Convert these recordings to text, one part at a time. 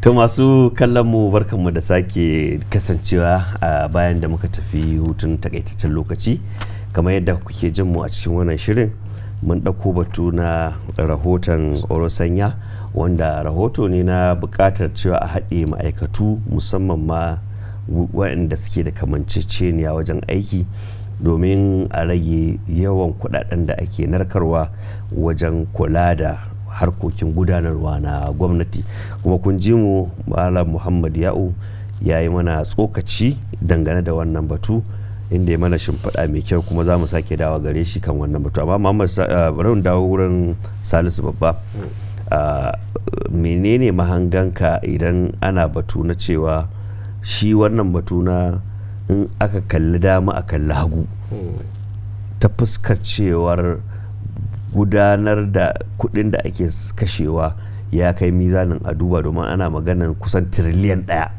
to masu kallon mu barkanmu da sake kasancewa a bayan da muka tafi hutun takaitaccen lokaci kamar yadda kuke jin mu a cikin wannan shirin mun ɗauko batu na rahoton orosanya wanda rahoto ne na buƙatar cewa a haɗe ma'aikatu musamman ma waɗanda suke da kamanceceniya wajen aiki domin a rage yawan kuɗaɗen da ake narkarwa wajen kula da harkokin gudanarwa na gwamnati kuma kun ji mu malam muhammad ya'u ya yi mana tsokaci dangane da wannan batu inda ya mana shimfiɗa mai kyau kuma za mu sake dawa gare shi kan wannan batu amma muhammad eh, raun dawo wurin salisu babba mm. ah, menene mahanganka idan ana batu na cewa shi wannan batu na in aka kalli dama a kalli hagu mm. ta fuskar cewar gudanar da kudin da ake kashewa ya kai mizanin a duba domin ana maganan kusan tiriliyan daya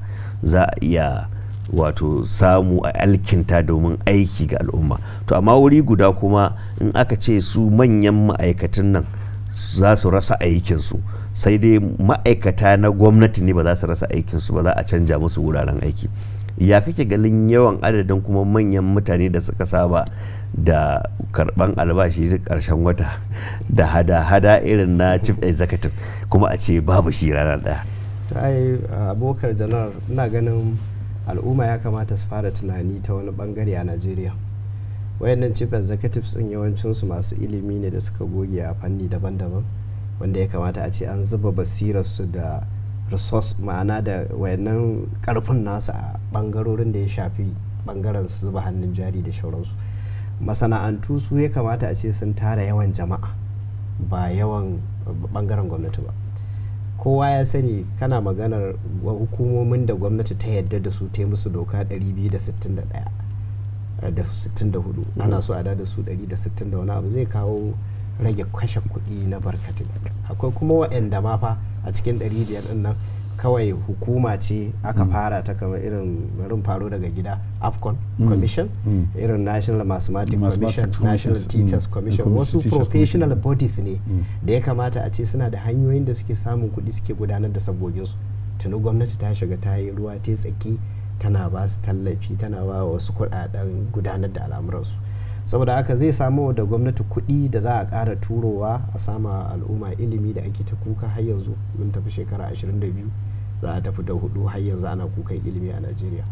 za a iya wato samu a alkinta domin aiki ga al'umma to amma wuri guda kuma in aka ce su manyan ma'aikatan nan za su rasa aikinsu sai dai ma'aikata na gwamnati ne ba za su rasa aikinsu ba za a canja musu wuraren aiki ya kake galin yawan adadin kuma manyan mutane da suka saba da karban albashi duk karshen wata da hada-hada irin na chief executive kuma a ce babu shi rana daya ai abokar janar ina ganin al'umma ya kamata su fara tunani ta wani bangare a najeriya wayannan chief executives din yawancinsu masu ilimi ne da suka goge a fanni daban-daban wanda ya kamata a ce an zuba basirarsu da resource ma'ana da wayannan karfin nasu a bangarorin da ya shafi bangaren su zuba hannun jari da shauransu masana'antu su ya kamata a ce sun tara yawan jama'a ba yawan bangaren gwamnati ba kowa ya sani kana maganar hukumomin da gwamnati ta yadda da su ta musu doka 261 da 64 eh, ana so a da su 160 da wani abu zai kawo rage kashe kuɗi na barkatai akwai kuma wa'anda ma fa a cikin 500 ɗin nan kawai hukuma ce aka mm. fara ta kamar irin barin faro daga gida afcon mm. commission mm. irin national mathematics commission national teachers commission wasu professional bodies ne da ya kamata a ce suna da hanyoyin da suke samun kuɗi suke gudanar da sabobinsu tuni gwamnati ta shiga ta yi ruwa ta tsaki tana ba su tallafi tana ba wasu kuɗaɗen gudanar da al'amuransu saboda haka zai samu da gwamnati kuɗi da za a ƙara turowa a sama al'umma ilimi da ake ta kuka har yanzu mun tafi shekara 22 za a tafi da hudu har yanzu ana kukan ilimi a najeriya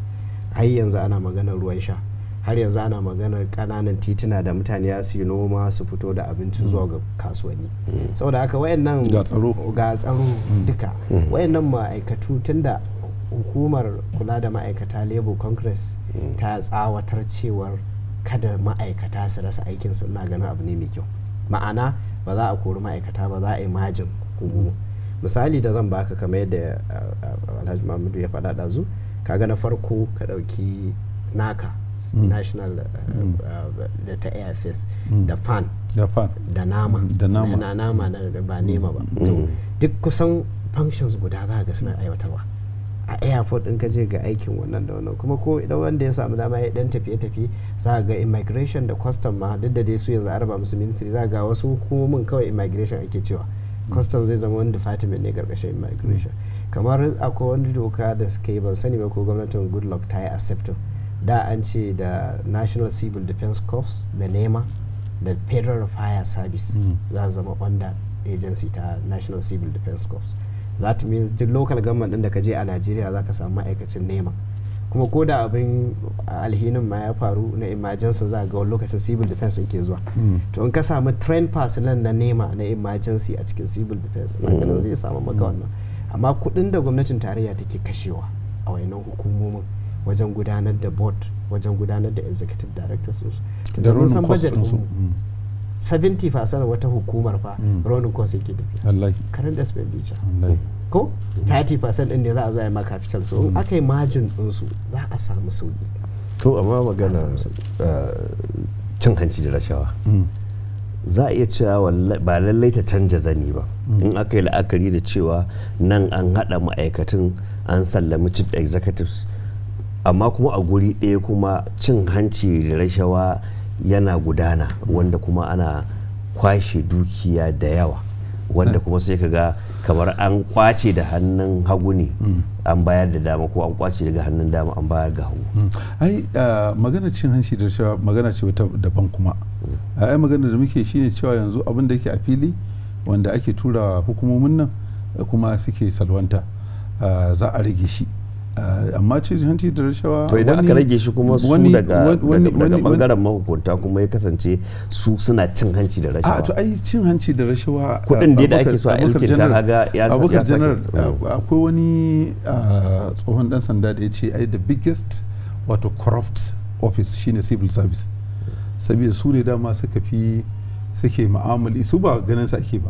har yanzu ana maganar ruwan sha har yanzu ana maganar kananan tituna da mutane su yi noma su fito da abinci zuwa ga kasuwanni mm. saboda haka wayannan ga tsaro mm. duka mm. wayannan ma'aikatu tunda hukumar kula da ma'aikata labour congress ta tsawatar cewar kada ma'aikata su rasa aikin su ina ganin abu ne mai kyau ma'ana ba za a kori ma'aikata ba za a yi majin kugu misali da zan baka kamar yadda eh, eh, alhaji mahmudu ya faɗa ɗazu kaga na farko ka ɗauki naka mm. national eh, mm. da ta mm. da fan da nama da nama na ba nema ba duk kusan functions guda za ga suna aiwatarwa a airport in ka je ga aikin wannan da wannan kuma ko idan wanda ya samu dama ya dan tafiye-tafiye za ga immigration da custom ma duk da dai su yanzu araba musu ministry za ga wasu hukumomin kawai immigration ake cewa custom zai zama wani department ne karkashin immigration kamar akwai wani doka da suka yi ban sani ba ko gwamnatin goodluck ta yi accepting da an ce da national civil defense corps da nema da federal fire service mm. za zama under agency ta national civil defense corps that means duk local government din da ka je a najeriya za ka samu ma'aikacin nema kuma ko da abin alhinin ma ya faru na emergency za ga wani lokacin civil defense ke zuwa hmm. to in ka samu train personnel na nema na emergency a cikin civil defense maganin hmm. zai samu maka wannan amma kuɗin da gwamnatin tarayya take kashewa a wayannan hukumomin wajen gudanar da board wajen gudanar da executive directors da san budget 70% wata hukumar fa hmm. ronin cost yake da current expenditure ko 30% din ne za a zo a maka capital so in hmm. aka yi margin din su za a samu sauki to amma magana eh, cin hanci da rashawa hmm. za a iya cewa ba lallai ta canja zani ba in aka yi la'akari da cewa nan an haɗa ma'aikatan an sallami chief executives amma kuma a guri ɗaya kuma cin hanci da rashawa yana gudana wanda kuma ana kwashe dukiya da yawa wanda eh. kuma sai kaga kamar an kwace da hannun hagu ne hmm. an bayar da dama ko an kwace daga hannun dama an bayar ga hagu hmm. ai ah, magana cin hanci da cewa magana ce wata daban kuma hmm. ai magana da muke shine cewa yanzu abin da yake a fili wanda ake tura hukumomin nan eh, kuma suke salwanta ah, za a rage shi Eh, amma cin hanci da rashawa to idan aka rage shi kuma su daga bangaren mahukunta kuma ya kasance su suna cin hanci da rashawa a to ai cin hanci da rashawa eh, kudin da ake so a yankin ta kaga ya abokan janar eh, mm. akwai wani tsohon dan sanda da ya ce ai the biggest wato corrupt office shine civil service saboda su ne dama suka fi suke mu'amali su ba ganin sa ake ba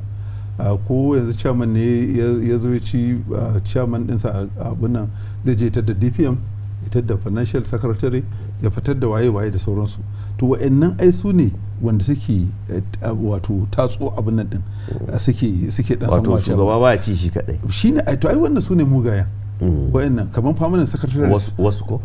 ko yanzu chairman ne ya zo ya ci chairman dinsa abin nan zai je ta da dpm ita da financial secretary ya fitar da waye-waye da sauransu to wa'annan ai su ne wanda suke eh, wato tatso abin nan din suke suke dan wato shugaba ba ci shi kadai shine ai to ai wannan su ne mugayen mm. wa'annan kaman permanent secretary wasu ko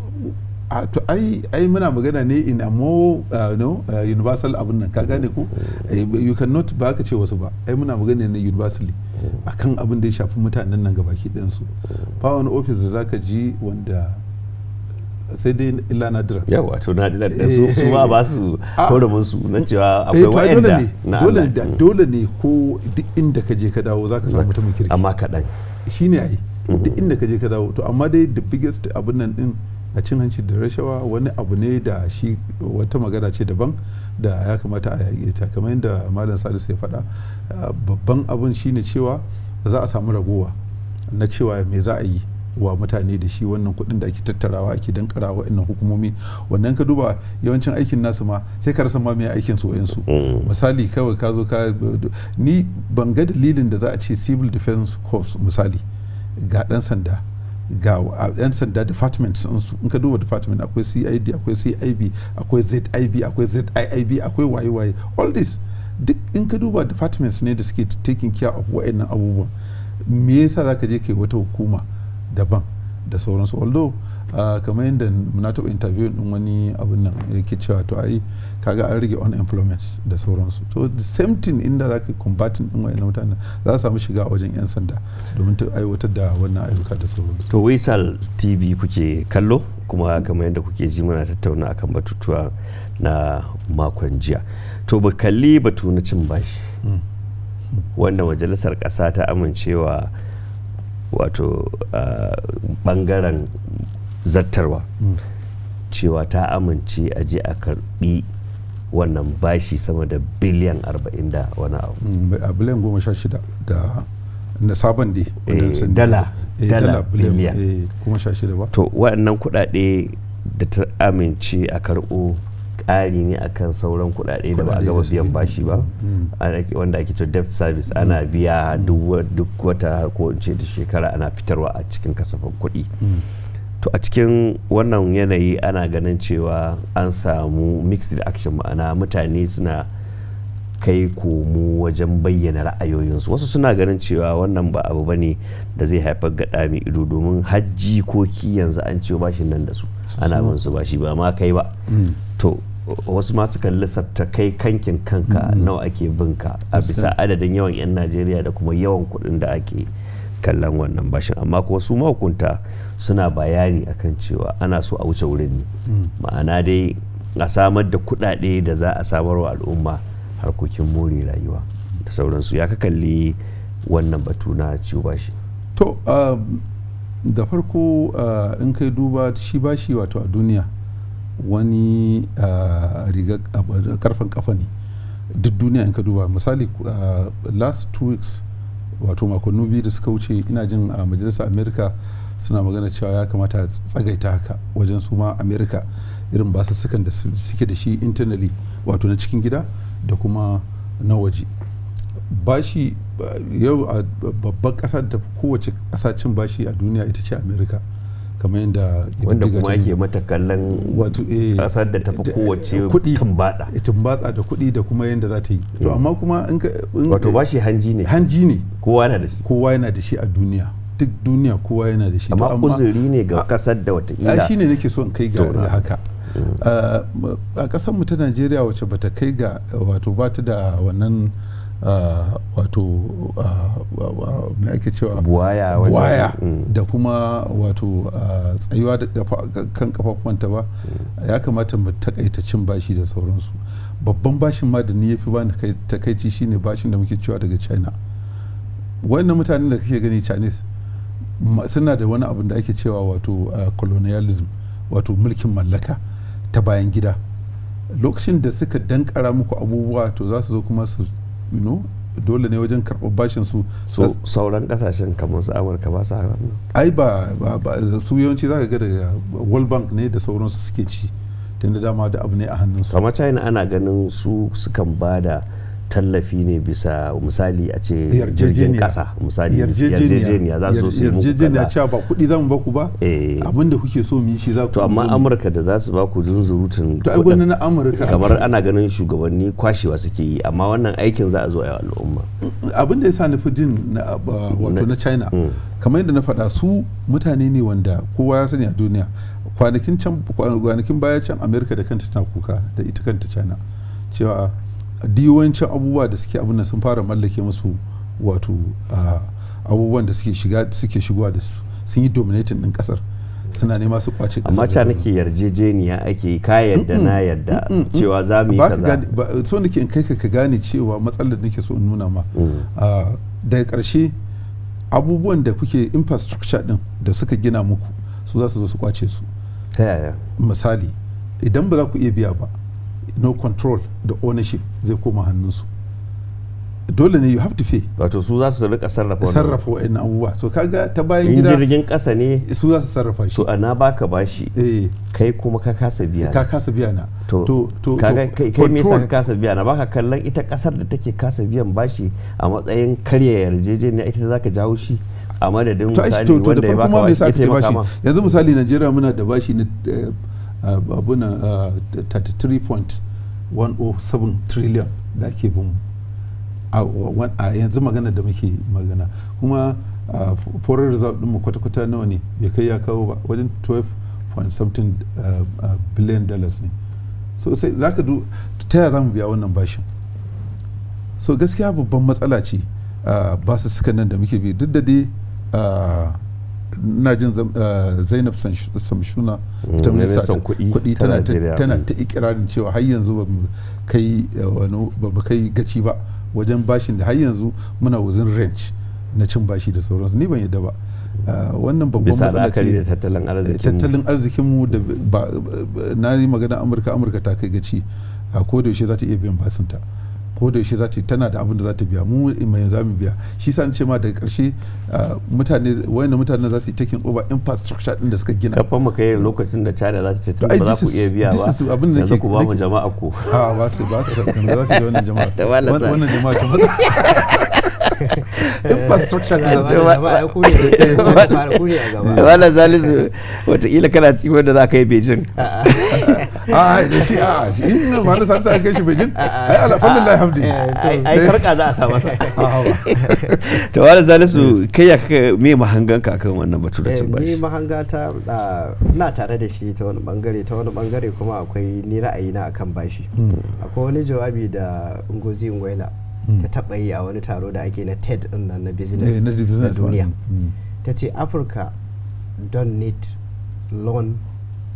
a ah, to ai ai muna magana ne in a mo uh, no uh, universal abin nan ka gane ko eh, you cannot ba ka ce wasu ba ai muna magana ne universally mm. akan abin da ya shafi mutanen nan gabaki ɗin su mm. ba wani office da zaka ji wanda sai dai illa nadira yawa wato nadira da su su ma ba su eh, ah. horamin su na cewa eh, akwai wa'anda na dole ne mm. dole ne ko duk inda ka je ka dawo zaka samu mutumin kirki amma kadan shine ai duk mm-hmm. inda ka je ka dawo to amma dai the biggest abin nan din a cin hanci da rashawa wani abu ne da shi wata magana ce daban da ya kamata a yage ta kamar yadda malam salisu ya faɗa babban abin shine cewa za a samu ragowa na cewa me za a yi wa mutane da shi wannan kuɗin da ake tattarawa ake dankara inna hukumomi wannan ka duba yawancin aikin nasu ma sai ka rasa ma me aikin su wayansu mm. misali kawai ka zo ka ni ban ga dalilin da za a ce civil defense corps misali ga ɗan sanda ga yan sanda department su in ka duba department akwai cid akwai cib akwai zib akwai ziib akwai waye-waye all this duk in ka duba departments ne da suke taking care of wa'annan abubuwan me yasa za ka je kai wata hukuma daban da sauransu although Ah, kamar yadda na taɓa interview din wani abin nan yake cewa to ai kaga an rage unemployment da sauransu to the same thing inda za ka combating din wayannan mutanen za su samu shiga a wajen yan sanda domin ta aiwatar da wannan ayyuka da sauransu to wisal tv kuke kallo kuma kamar yadda kuke ji muna tattauna akan batutuwa na makon jiya to ba kalli batu na cin bashi hmm. wanda majalisar ƙasa ta amincewa wato bangaren ah, zartarwa mm. cewa ta amince a je a karbi wannan bashi sama da biliyan 40 da wani abu mm, a biliyan 16 da na sabon de eh, eh, dala dala biliyan eh, to waɗannan kuɗaɗe da ta amince a karɓo ƙari ne akan sauran kuɗaɗe da ba a gaba biyan bashi ba mm. wanda ake cewa debt service ana biya duk wata ko in ce da shekara ana fitarwa a cikin kasafin kuɗi to a cikin wannan yanayi ana ganin cewa an samu mixed action ma'ana mutane suna kai komo wajen bayyana ra'ayoyinsu wasu suna ganin cewa wannan ba abu bane da zai haifar ga ido domin hajji ko ki yanzu an ce ba shi nan da su ana bin su bashi ba ma kai ba mm. to wasu masu kan lissafta kai kankin kanka mm-hmm. nawa ake bin ka a bisa adadin yawan 'yan najeriya da kuma yawan kuɗin da ake kallon wannan bashin amma kuma su mahukunta suna bayani akan cewa ana so a wuce wurin ne ma'ana dai a samar da kuɗaɗe da za a samar wa al'umma harkokin more rayuwa da sauransu ya ka kalli wannan batu na ciwo bashi to um, da farko uh, in kai duba shi bashi wato a duniya wani uh, riga karfin kafa ne duk duniya in ka duba misali uh, last two weeks wato makonni biyu da suka wuce ina jin a majalisar america suna magana cewa ya kamata a tsagaita haka wajen su ma america irin basussukan da suke da shi internally wato na cikin gida da kuma na waje bashi yau a babban kasa da kowace kasa cin bashi a duniya ita ce america kamar yadda wanda kuma yake mata kallon kasar eh, da tafi eh, kowace tumbatsa eh, tumbatsa da kudi da kuma yadda za ta yi to hmm. amma kuma in wato bashi hanji ne hanji ne kowa yana da shi kowa yana da shi a duniya duk duniya kowa yana da shi amma uzuri ne ga kasar da watakila shi ne nake so in kai ga haka mm. a kasar mu ta najeriya wacce bata kai ga wato ba da wannan wato me ake cewa buwaya mm. da kuma wato tsayuwa da kan kafafuwanta ba mm. ya kamata mu takaita cin bashi da sauransu babban bashin ma da ni yafi ba takaici shine bashin da muke cewa daga china wannan mutanen da kake gani chinese suna da wani abin da ake cewa wato uh, colonialism wato mulkin mallaka ta bayan gida lokacin da suka dankara muku abubuwa to za su zo kuma su you know dole ne wajen karɓar bashin su sauran kasashen kamar su amurka ba su haram ai ba su yawanci za ka ga daga world bank ne da sauransu suke ci tunda dama da abu ne a hannun su kamar china ana ganin su sukan bada da tallafi ne bisa misali a ce jirgin kasa misali yarjejeniya za su su yarjejeniya cewa ba kuɗi zamu baku ba eh. abin da kuke so mu yi shi za ku to amma amurka da za su ba ku zunzurutun to ai gwamnati na amurka kamar ana ganin shugabanni kwashewa suke yi amma wannan aikin za a zo a yi al'umma abin da na nufi jin wato na china hmm. kamar yadda na faɗa su mutane ne wanda kowa ya sani a duniya kwanakin can kwanakin baya can amurka da kanta tana kuka da ita kanta china cewa diwancin abubuwa da suke abin sun fara mallake musu wato abubuwan da suke shiga suke shigowa da su sun yi dominating din kasar suna nema su kwace kasar amma ca nake yarjejeniya ake ka yarda na yarda mm, mm, mm, cewa za mu yi kaza so nake in kai ka ka gane cewa matsalar nake so in nuna ma daga karshe abubuwan da kuke infrastructure din da suka gina muku su za su zo su kwace su ta yaya misali idan ba za ku iya biya ba no control da ownership zai koma hannunsu dole ne you have to pay wato su za su rika sarrafa sarrafa wa'annan abubuwa so kaga ta bayan gida jirgin kasa ne su za su sarrafa shi to ana baka bashi eh. kai kuma ka kasa biya ka kasa biya na to to kai me yasa ka kasa biya na baka kallon ita kasar da take kasa biyan bashi a matsayin karya yarjejeniya ita zaka jawo shi a madadin misali wanda ya baka bashi ita yanzu misali Najeriya muna da bashi na eh, Uh, abuna 33.107 uh, trillion da ke bin a yanzu magana da muke magana kuma uh, foreign reserve mu kwata-kwata nawa ne bai kai ya kawo ba wajen 12.17 billion dollars ne so sai za ka ta yaya za mu biya wannan bashin so gaskiya babban matsala ce ba su suka nan da muke bi duk da dai na jin eh, zainab samshuna mm, ta minista kuɗi tana mm. ta ikirarin cewa har yanzu ba mu kai eh, ba kai gaci ba wajen bashin da har yanzu muna wuzin range na cin bashi da sauransu ni ban yadda ba eh, wannan babban matsala ce tattalin arzikinmu da na yi magana amurka amurka ta kai gaci a kodayaushe za ta iya biyan basinta ko da yaushe za ta tana da abin da za ta biya mu mai za mu biya shi san ce ma daga karshe mutane wayannan mutane za su yi taking over infrastructure din da suka gina kafin mu kai lokacin da China za ta ce tun ba za ku iya biya ba yanzu ku ba mu jama'a ko. a ah, ba su ba su za su yi wannan jama'a wannan jama'a infrastructure na gaba wala zalisu watakila kana ci wanda za ka yi bejin a a da shi a in wani salisu an kai shi bejin ai alhamdulillah hamdi eh, ai sarka za a sa masa to wala zalisu kai ya kaka me mahangan ka kan wannan batu da eh, cin bashi ni mahanga ta na tare da shi ta wani bangare ta wani bangare kuma akwai ni ra'ayi na akan bashi hmm. akwai wani jawabi da ngozi ngwaila Hmm. ta taɓa yi a wani taro da ake na ted nan na business eh, na duniya hmm. ta ce afirka don need loan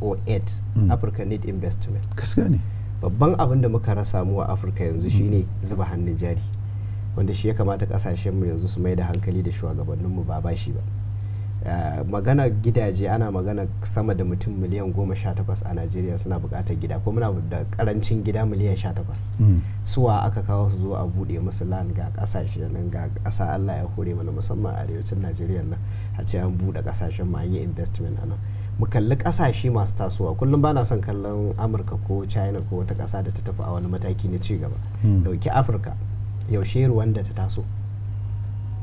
or aid hmm. afirka need investment babban abin da muka rasa mu a afirka yanzu shine zuba hannun jari wanda shi ya kamata kasashen mu yanzu su mai da hankali da shugabanninmu ba bashi ba Eh, magana gidaje ana magana sama da mutum miliyan goma sha takwas a najeriya suna bukatar gida ko muna da karancin gida miliyan sha takwas hmm. suwa aka kawo su zo a buɗe musu lan ga kasashe nan ga ƙasa allah ya hore mana musamman a arewacin najeriya nan a ce an buɗe ƙasashen ma an yi investment a nan mu kalli ƙasashe masu tasowa kullum bana son kallon amurka ko china ko wata kasa da ta tafi a wani mataki na ci gaba hmm. ɗauki afirka yaushe ruwan da ta taso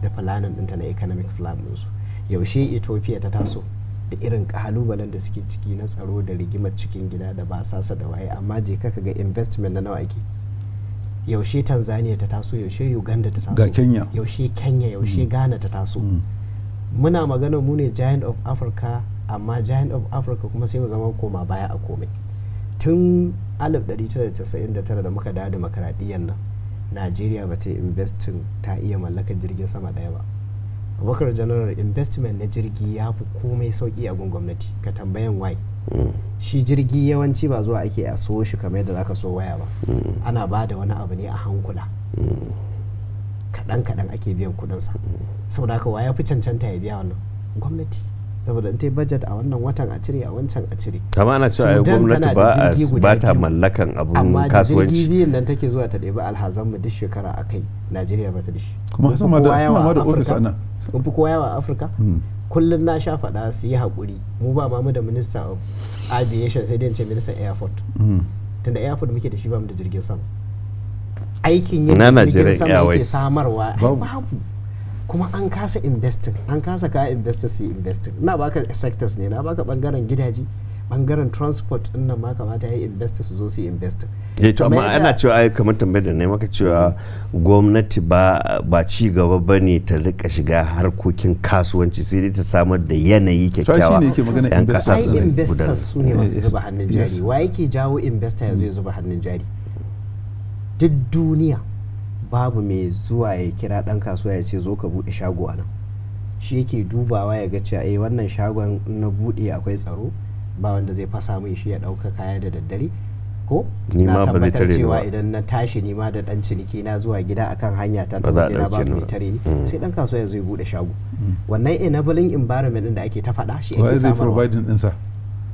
da planning ɗinta na economic plan ɗinsu yaushe ethiopia ta taso da irin kalubalen da suke ciki na tsaro da rigimar cikin gida da ba sasa da waye amma je ka ga investment na nawa ake yaushe tanzania ta taso yaushe uganda ta taso ga kenya yaushe kenya yaushe mm. ghana ta taso mm. muna magana mu ne giant of africa amma giant of africa kuma sai mu zama koma baya a komai tun 1999 da muka dawo demokaradiyyar nan najeriya ba ta investin ta iya mallakar jirgin sama daya ba abokar general investment na jirgi ya fi komai sauki a gun gwamnati ka tambayan why mm. shi jirgi yawanci ba zuwa ake a so shi kamar yadda zaka so waya ba mm. ana ba da wani abu ne a hankula mm. kaɗan kaɗan ake biyan kuɗinsa saboda haka wa ya fi cancanta ya biya wannan gwamnati saboda in ta budget a wannan watan a cire a wancan a cire kama ana cewa ai gwamnati ba a ba ta mallakan abun kasuwanci amma jirgi biyun nan take zuwa ta ɗebi alhazan mu duk shekara akai Najeriya ba ta dishi kuma sama da sama da ofis nan sun kowa yawa a afirka hmm. kullum na sha faɗa su yi haƙuri mu ba mu da minista of aviation sai dai ce ministan airport hmm. tunda airport muke da shi ba mu da jirgin sama aikin yin jirgin sama yake samarwa babu kuma an kasa investing an kasa ka investing su investing na baka sectors ne na baka bangaren gidaje bangaren transport din nan ma kamata ya yi investor su zo su investor eh to amma ana cewa ai kamar tambayar da ne maka cewa gwamnati ba ba ci gaba bane ta rika shiga harkokin kasuwanci sai dai ta samar da yanayi kyakkyawa yan kasa su investors su ne masu eh, eh, zuba hannun jari wa yake jawo investor ya zo ya zuba hannun jari duk duniya babu mai zuwa ya kira dan kasuwa ya ce zo ka bude shago a nan shi yake dubawa ya ga cewa eh wannan shagon na bude akwai tsaro ba wanda zai fasa min shi ya ɗauka kaya da daddare ko na tabbatar cewa idan na tashi ni ma da dan ciniki na zuwa gida akan hanya ta ta gida ba mai tare ni hmm. sai dan kasuwa ya zo ya bude shago hmm. wannan enabling environment din da ake ta faɗa shi din sa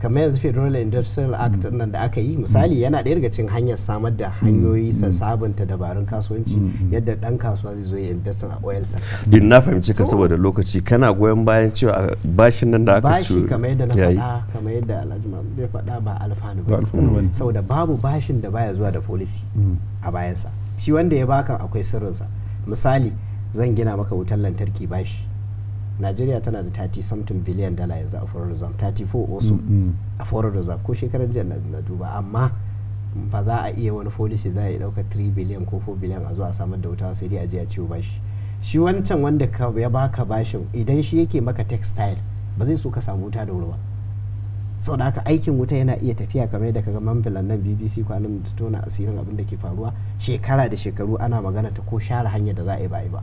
kamar yanzu federal industrial act mm. nan da aka yi misali mm. yana ɗaya daga cikin hanyar samar da hanyoyi mm. sa sabunta dabarun kasuwanci yadda ɗan kasuwa zai zo ya investin a oil sector din na fahimci ka saboda lokaci kana goyon bayan cewa bashin nan da aka ci bashi kamar yadda na faɗa kamar yadda alhaji bai faɗa ba alfanu ba saboda babu bashin da baya zuwa da policy a bayansa shi wanda ya baka akwai sirrinsa misali zan gina maka wutar lantarki bashi najeriya tana da 30 something billion dala yanzu a foreign reserve 34 also a foreign reserve ko shekarar jiya na duba amma ba za a iya wani policy za a dauka 3 billion ko 4 billion a zuwa a samar da wuta sai dai a je a ciwo bashi shi wancan wanda ka ya baka bashin idan shi yake maka textile ba zai so ka samu wuta da wuri ba sau da haka aikin wuta yana iya tafiya kamar yadda kaga mambilan nan bbc kwanan da tona asirin abin da ke faruwa shekara da shekaru ana magana ta ko share hanyar da za a yi ba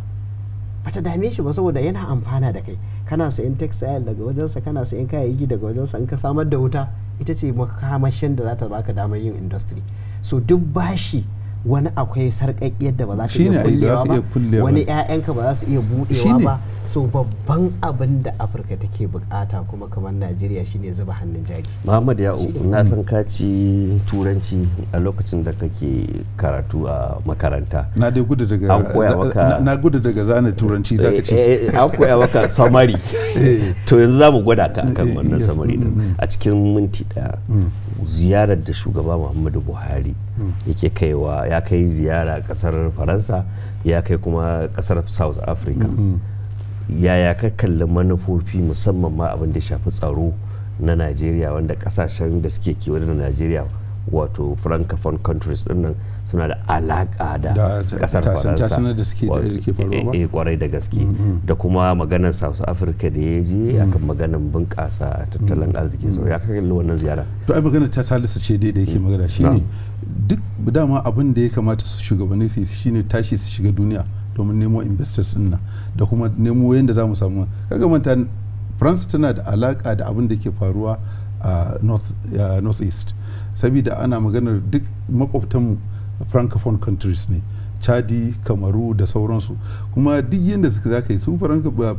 bata dame shi ba saboda yana amfana da kai kana sayan textile daga wajensa kana sayan kayayyaki daga wajensa in ka samar da wuta ita ce makamashin da za ta baka damar yin industry so duk bashi wani akwai sarƙaƙiyar da ba za ta iya kullewa ba wani ƴaƴanka ba za su iya buɗewa ba so babban abin da afirka take bukata kuma kamar najeriya shine zuba hannun jari muhammad ya'u na san ka ci turanci a lokacin da kake karatu a makaranta na dai gudu daga an koya maka na gudu daga zane turanci za ka ce eh, eh, eh, an koya maka samari to yanzu za mu gwada ka akan wannan samari mm, mm. a cikin minti daya mm. ziyarar da shugaba muhammadu buhari hmm. yake kaiwa ya kai ziyara kasar faransa ya kai kuma kasar south africa hmm, hmm. yaya ka kalli manufofi musamman ma abin da shafi tsaro na najeriya wanda kasashen da suke kewaye da najeriya wato francophone countries nan suna da alaƙa da ƙasar faransa kwarai eh, da gaske mm, mm. da kuma maganar south africa da ya je mm. akan maganar bunƙasa a tattalin arziki so ya kalli wannan ziyara to ai maganar ta salisa ce dai da yake magana shine duk dama abin da ya kamata su shugabanni su yi shine tashi su shiga duniya domin nemo investors din nan da kuma nemo yadda za mu samu kaga manta france tana da alaƙa da abin da ke faruwa a north east saboda ana maganar duk makwabtanmu francophone countries ne chadi kamaru da sauransu kuma duk yadda suka za ka yi su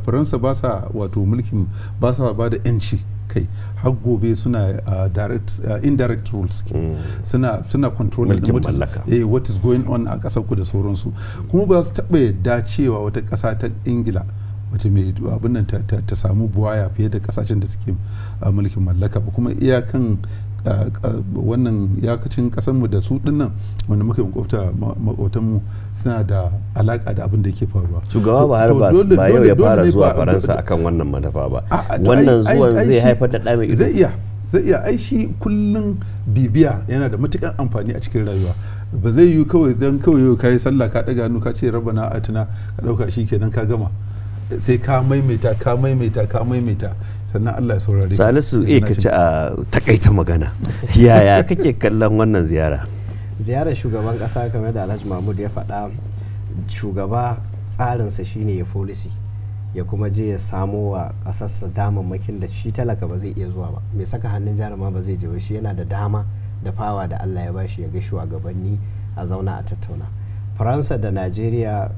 faransa ba sa wato mulkin ba sa ba da yanci kai har gobe suna direct indirect rules hmm. suna control da eh, what is going on a kasar ku da sauransu kuma ba su taɓa yadda cewa wata ƙasa ta ingila wace mai abin nan ta samu buwaya fiye da kasashen da suke mulkin mallaka ba kuma iyakan wannan yakacin kasanmu da su dinnan wanda muka makwabta makwatanmu suna da alaka da abin da yake faruwa shugaba ba har ba yau ya fara zuwa faransa akan wannan madafa ba wannan zuwan zai haifar da ɗa ido zai iya zai iya ai shi kullum bibiya yana da matukan amfani a cikin rayuwa ba zai yi kawai don kawai yau kayi sallah ka ɗaga hannu ka ce rabana atina ka ɗauka shi kenan ka gama sai ka maimaita ka maimaita ka maimaita sannan Allah ya saurare salisu eh ka ci a takaita magana yaya kake kallon wannan ziyara ziyarar shugaban kasa kamar da Alhaji Mahmud ya faɗa shugaba tsarinsa shine ya policy ya kuma je ya samo wa ƙasarsa damammakin da shi talaka ba zai iya zuwa ba mai saka hannun jaruma ba zai je ba shi yana da dama da fawa da Allah ya bashi ya ga shugabanni a zauna a tattauna faransa da najeriya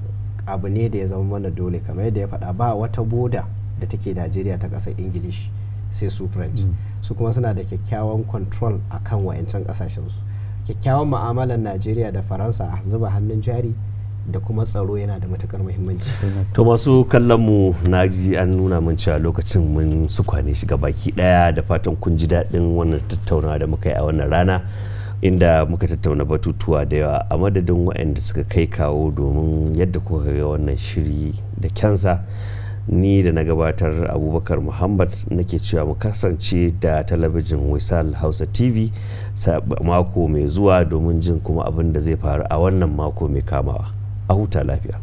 abu ne da ya zama mana dole kamar yadda ya faɗa ba wata boda da take najeriya ta kasar English sai su french mm. su kuma suna da kyakkyawan control a kan wa'ancan su kyakkyawan ma'amalar najeriya da faransa a zuba hannun jari da kuma tsaro yana da matukar muhimmanci to masu kallon mu na ji an nuna mun cewa lokacin mun su kwane shi baki daya da fatan kun ji daɗin wannan tattaunawa da muka yi a wannan rana inda muka tattauna batutuwa da yawa a madadin waɗanda suka kai kawo domin yadda kuka ga wannan shiri da kyansa ni da na gabatar abubakar muhammad nake cewa mu kasance da talabijin wisal hausa tv mako mai zuwa domin jin kuma abin da zai faru a wannan mako mai kamawa a huta lafiya